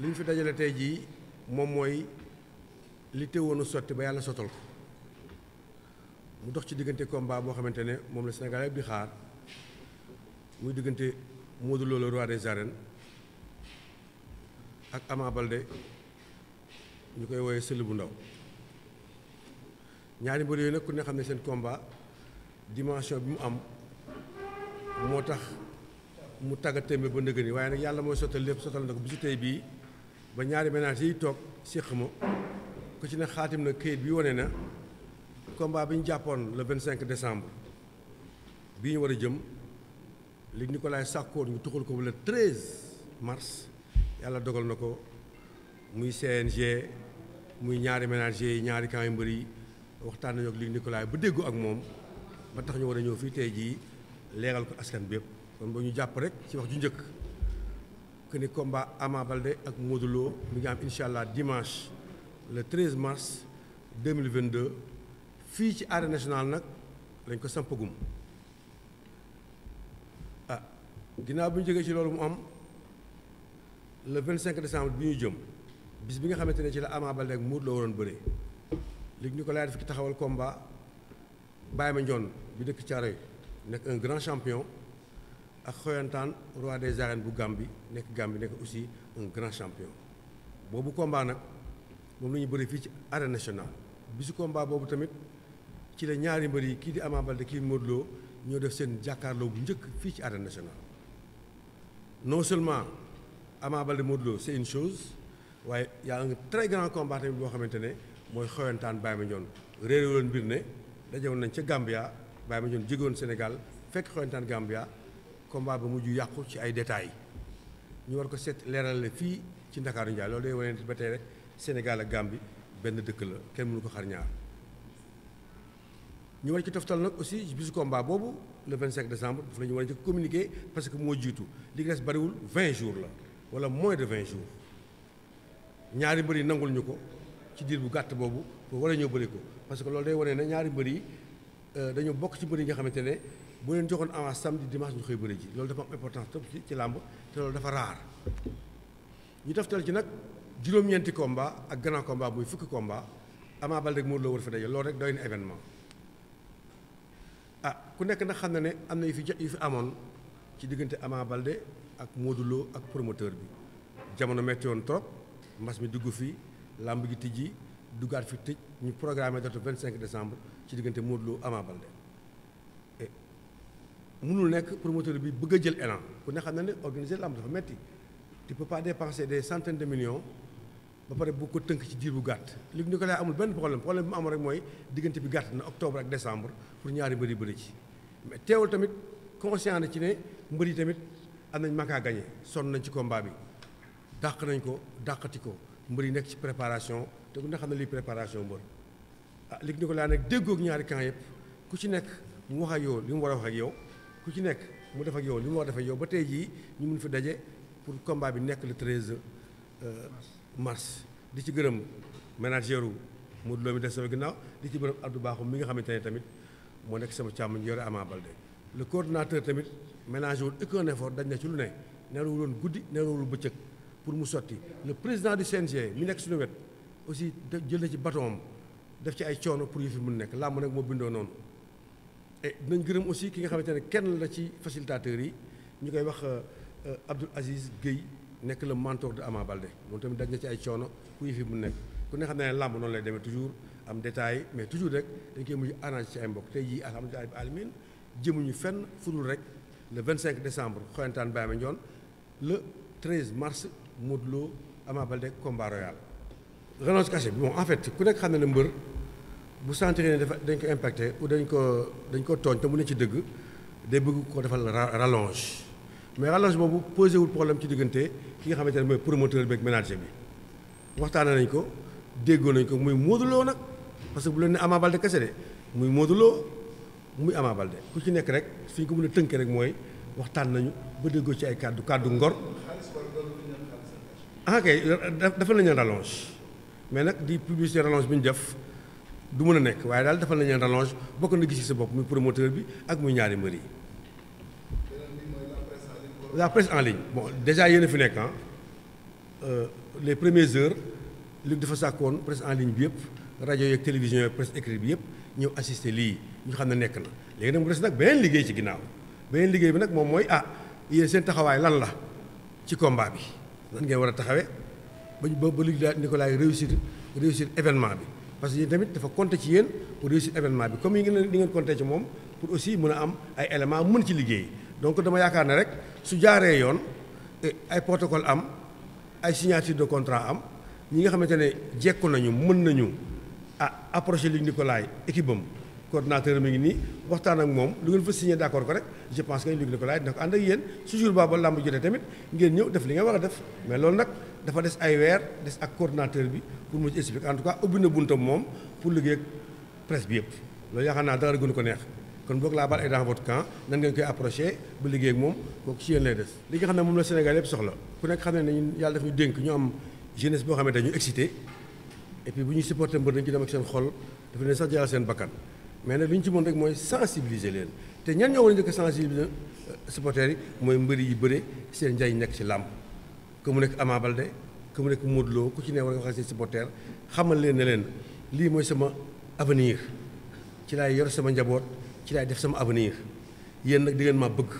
liñ fi dajale tey jii moom mooy li teewoon sotti ba yàlla sottal ko mu dox ci diggante combat boo xamante ne moom la Sénégal yëpp di xaar muy diggante Modou Lo le roi des arènes ak Ama Baldé ñu koy woowee sël bu ndaw ñaari mbër yooyu nag ku ne xam ne seen komba dimension bi mu am moo tax. mu tagga témbe ba ndëgë ni waaye nag yàlla mooy sottal lépp sottal na ko bisu tey bii ba ñaari ménage yi toog séq ma ko ci ne xaatim na këyit bi wane na combat bi ñu jàppoon le 25 décembre bii ñu war a jëm li Nicolas Sarkozy ñu tuxal ko le 13 mars yàlla dogal na ko muy CNG muy ñaari ménage yi ñaari camp yu mbër yi waxtaan nañu ak li Nicolas bu déggoo ak moom ba tax ñu war a ñëw fii tey jii leeral ko askan bi yëpp kon ba ñu jàpp rek ci wax ju njëkk que ni combat Ama ak Modou Lo mi am incha allah dimanche le 13 mars 2022 fii ci arène national nag lañ ko sampagum ah ginnaaw bi ñu jógee ci loolu mu am le 25 décembre bi ñuy jëm bis bi nga xamante ne ci la Ama Baldé ak Modou waroon bëree léegi ñu ko laay def ci taxawal combat Baye Mandione bi dëkk Thiaroye nekk un grand champion. ak xoyantaan roi des arènes bu Gambie nekk Gambie nekk aussi un grand champion boobu combat nag moom la ñu bëri fii ci arène nationale bisu combat boobu tamit ci la ñaari mbër yi kii di Ama Baldé kii Modou ñoo def seen jàkkaarloo bu njëkk fii ci arène nationale non seulement Ama Baldé Modou Lo c'est une chose waaye yaa a très grand combat tamit boo xamante ne mooy xoyantaan Baye Mandione réeré mbir ne dajewoon nañ ca Gambia Baye Mandione jógewoon Sénégal fekk xoyantaan Gambia combat ba mujj yàqu ci ay détails ñu war ko seet leeral la fii ci Ndakaaru Ndiaye loolu day wane ba tey rek Sénégal ak bi benn dëkk la kenn mënu ko xar ñaar ñu war ci toftal nag aussi bisu combat boobu le 25 décembre daf la ñu war a communiquer parce que moo jiitu li des bariwul 20 jours la wala mois de 20 jours ñaari mbër yi nangul ñu ko ci diir bu gàtt boobu pour war a ñëw bëri ko parce que loolu day wane na ñaari mbër yi euh, dañoo bokk ci mbër yi nga xamante ne. bu leen joxoon avance samedi dimanche ñu xëy bëri ji loolu dafa am importance trop ci ci làmb te loolu dafa raar ñu taftal ji nag juróom-ñeenti combat ak grand combat muy fukki combat Ama Baldé fa daje loolu rek doy na événement ah, ku nekk nag xam na ne am na fi yu amoon ci diggante Ama Baldé ak Modou ak promoteur bi jamono metti woon trop mbas mi dugg fii làmb gi tijji duggaat fi tëj ñu programmé vingt cinq décembre ci diggante Modou Lô Ama mënul nekk promoteur bi bëgg jël élan ku ne xam na ne organiser lamb dafa metti tu peux pas dépenser des centaines de millions ba pare bu ko tënk ci diir bu gàtt ko Nicolaï amul benn problème problème bi mu am rek mooy diggante bi gàtt na octobre ak décembre pour ñaari mbër yi bëri ci mais teewul tamit conscient na ci ne mbër yi tamit am nañ makaa gañe sonn nañ ci combat bi dàq nañ ko dàqati ko mbër yi nekk ci préparation te ku ne xam ne lii préparation mbër ah Luc Nicolaï nag déggoo ak ñaari camp yëpp ku ci nekk mu wax li mu war a wax yow ku ci nekk mu def ak yow li mu war def ak yow ba tey jii ñu mun fi daje pour combat bi nekk le 13 euh, mars di ci gërëm ménagère u Modou Lo mi def sama ginnaaw di ci gërëm Abdou Bakhoum mi nga xamante ne tamit moo nekk sama càmmoñ yore Ama Baldé le coordinateur tamit ménagé wul aucun effort dañ na ci lu ne nelawul woon guddi nelawul bëccëg pour mu sotti le président du CNG mi nekk suñu wet aussi jël na ci batoom def ci ay coono pour yu fi mun nekk làmb nag moo bindoo noonu et dinañ gërëm aussi ki nga xamante ne kenn la ci facilitateurs yi ñu koy wax euh, Abdoul Aziz Guèye nekk la mentor de Ama Baldé moom tamit daj na ci ay coono ku yëfi mu nekk ku ne xam ne làmb noonu lay deme toujours am détail mais toujours rek dañ koy mujj arrangé ci ay mbokk tey jii alhamdulilah bi alamin jëmuñu fenn fudul rek le 25 décembre xoyantaan Baye Mandione le 13 mars Modou Lo Ama Baldé combat royal renonce caché bon en fait ku nekk xam ne ne mbër bu sentir ne dafa dañ ko impacté ou dañ ko dañ ko tooñ te mu ne ci dëgg day bëgg ko defal ralonge mais rallonge boobu posé wul problème ci diggante ki nga xamante ne mooy promoteur bi ak ménager bi waxtaanee nañ ko déggoo nañ ko muy Modou nag parce que bu leen ne Ama Baldé kese de muy Modou Lo muy Ama Baldé ku ci nekk rek fi ñu ko mun a tënkee rek mooy waxtaan nañu ba déggoo ci ay kàddu kàddu ngor. ah kay dafa nañu rallonge mais nag di publicité rallonge bi ñu def. du mën a nekk waaye daal defal nañu rallonge bokk na gis sa bopp muy promoteur bi ak muy ñaari mbër yi. la presse en ligne bo déjà yéen fi nekk ah les premières heures li dafa sàkkoon presse en ligne bi yëpp rajo yeeg télévision yeeg presse écrite bi yëpp ñëw assister lii ñu xam ne nekk na léegi nag mu des nag beneen liggéey ci ginnaaw beneen liggéey bi nag moom mooy ah yéen seen taxawaay lan la ci combat bi nan ngeen war a taxawee ba ba ba Luc Nicolaï réussir réussir événement bi. parce que tamit dafa compter ci yéen pour réussir événement bi comme yi ngeen li ngeen compter ci moom pour aussi mën a am ay éléments mën ci liggéey donc dama yaakaar ne rek su jaaree yoon eh, ay protocole am ay signature de contrat am ñi nga xamante ne jekku nañu mën nañu ah approché Luc Nicolaï équipe am coordonnateur mi ngi nii waxtaan ak moom lu ngeen fa signé d'accord ko rek je pense que Luc Nicolaï dina ko ànd ak yéen su jour boobu jotee tamit ngeen ñëw def li nga war def mais loolu nag. dafa des ay weer des ak coordinateur bi pour mu ci expliquer en tout cas ubbi na buntam moom pour liggéey ak presse bi yëpp loolu yaakaar naa dara gënu ko neex kon boog laa baal ay dans votre camp nan ngeen koy approché ba liggéey ak moom kooku ci yéen lay des. li nga xam ne moom la Sénégal yëpp soxla ku nekk xam ne ne ñun yàlla daf ñu dénk ñu am jeunesse boo ne dañu excité et puis bu ñuy supporté mbër dañu ci dem ak seen xol dafa ne sax jaral seen bakkan mais nag li ñu ci mën rek mooy sensibiliser leen te ñan ñoo war a njëkk sensibiliser supporters mooy mbëri yi bëre seen njaay nekk ci làmb que mu nekk Ama de que mu nekk Modou Lo ku ci ne war nga wax seen supporter xamal leen ne leen lii mooy sama avenir ci laay yor sama njaboot ci laay def sama avenir yéen nag di ngeen ma bëgg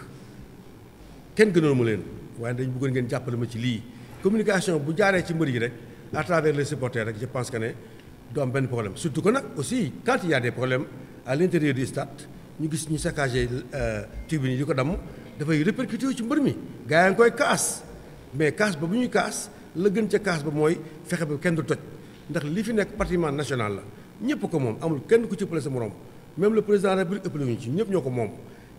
kenn gënoon mu leen waaye dañ bëggoon ngeen jàppale ma ci lii communication bu jaaree ci mbër yi rek à travers les supporters rek je pense que ne du am benn problème surtout que nag aussi quand il y a des problèmes à l'intérieur du stade ñu gis ñu saccagé euh, tribune yi di ko damm dafay répercuté ci mbër mi gars yaa ngi koy kaas mais kaas ba bu ñu kaas la gën ca kaas ba mooy fexe ba kenn du toj ndax li fi nekk patrimoine national la ñëpp ko moom amul kenn ku ci ëppale sa morom même le président de la République ñu ci ñëpp ñoo ko moom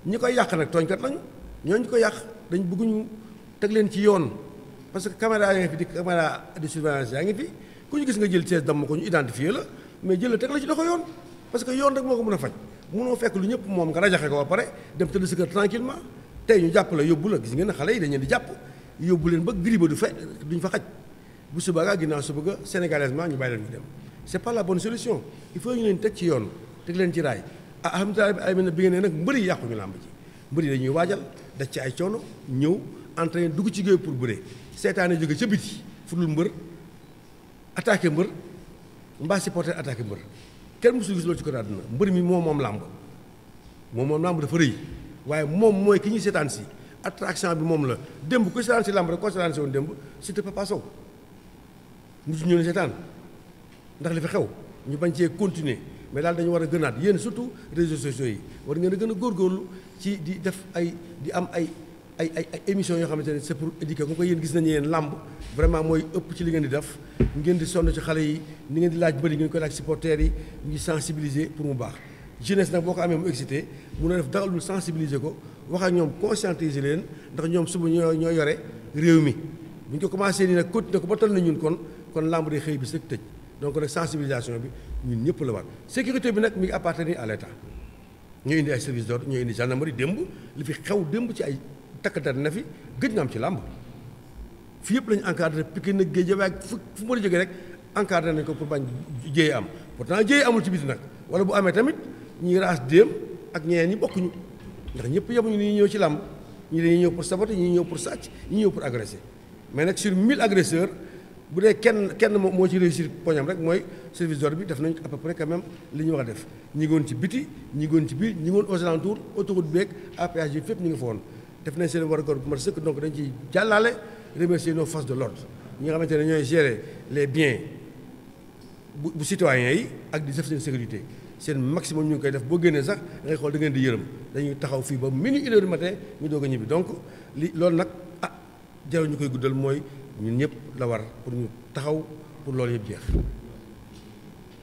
ñi koy yàq nag tooñkat lañu ñu ko yàq dañ bëgg ñu teg leen ci yoon parce que caméra yaa ngi fi di caméra yaa ngi fi ku ñu gis nga jël sees damm ko ñu identifié la mais jël la teg la ci loxo yoon parce que yoon rek moo ko mën a faj mënoo fekk lu ko ba pare dem tëdd sa kër tranquillement ñu jàpp la yóbbu gis ngeen ne xale yi dañu di jàpp yóbbu leen ba griba du fe duñ fa xaj bu suba gaa ginnaaw suba ga sénégalaisement ñu bàyyi leen ñu dem c'est pas la bonne solution il faut ñu leen teg ci yoon teg leen ci raay ah alhamdulilah ay bi ngeen ne nag mbëri yàqu ñu làmb ji mbëri dañuy waajal daj ci ay coono ñëw entraîné dugg ci géew pour bëree seetaane jóge ca biti fu dul mbër attaqué mbër mbaa supporter attaqué mbër kenn mësul gis loolu ci ko àdduna mbër mi moo moom làmb moom moom làmb dafa waaye moom mooy ki ñuy seetaan si attraction bi moom la démb ku seetaan si làmb rek koo seetaan si woon démb Siteu Papa Sow musu ñu ne seetaan ndax li fi xew ñu bañ cee continuer mais daal dañu war a gënaat yéen surtout réseaux sociaux yi war ngeen a gën a góorgóorlu ci di def ay di am ay ay ay ay émissions yoo xamante ne c'est pour éduquer ko ko yéen gis nañu yéen làmb vraiment mooy ëpp ci li ngeen di def ngeen di sonn ci xale yi ni ngeen di laaj bëri ngeen koy laaj supporters yi ñu sensibiliser pour mu baax jeunesse nag boo ko amee mu excité mun a def dara lu sensibiliser ko wax ak ñoom conscientiser leen ndax ñoom suba ñoo ñoo yore réew mi bu ñu ko commencé nii nag continué ko ba tal na ñun kon kon làmb day xëy bi sëkk tëj donc nag sensibilisation bi ñun ñëpp la war sécurité bi nag mi ngi appartenir à l'État ñoo indi ay service d'ordre ñoo indi gendarmerie démb li fi xew démb ci ay takk-der na fi gëj na am ci làmb fii yëpp lañu encadré piqué na géej waaye fu fu mu la rek encadré nañ ko pour bañ jéey am pourtant jéey amul ci nag wala bu amee tamit ñi raas déem ak ñeneen ñi bokkuñu ndax ñëpp yemuñu ni ñuy ñëw ci làmb ñi dañuy ñëw pour saboter ñi ñëw pour sàcc ñi ñëw pour agresser mais nag sur 1000 agresseurs bu dee kenn kenn moo ci réussir poñam rek mooy service d'ordre bi def nañ à peu près quand même li ñu wax def ñi ngoon ci biti ñi ci biir ñi ngoon aux alentours autoroute beeg APH yi fépp ñu ngi fa woon def nañ seen war góor bu mat sëkk donc dañ ciy jàllaale remercier nos forces de l'ordre ñi nga xamante ne ñooy gérer les biens bu bu yi ak di def seen sécurité seen maximum ñu ngi koy def boo génnee sax da xool da ngeen di yërëm dañuy taxaw fii ba mu une heure du matin ñu doog a ñibbi donc li loolu nag ah jarul ñu koy guddal mooy ñun ñëpp la war pour ñu taxaw pour loolu yëpp jeex.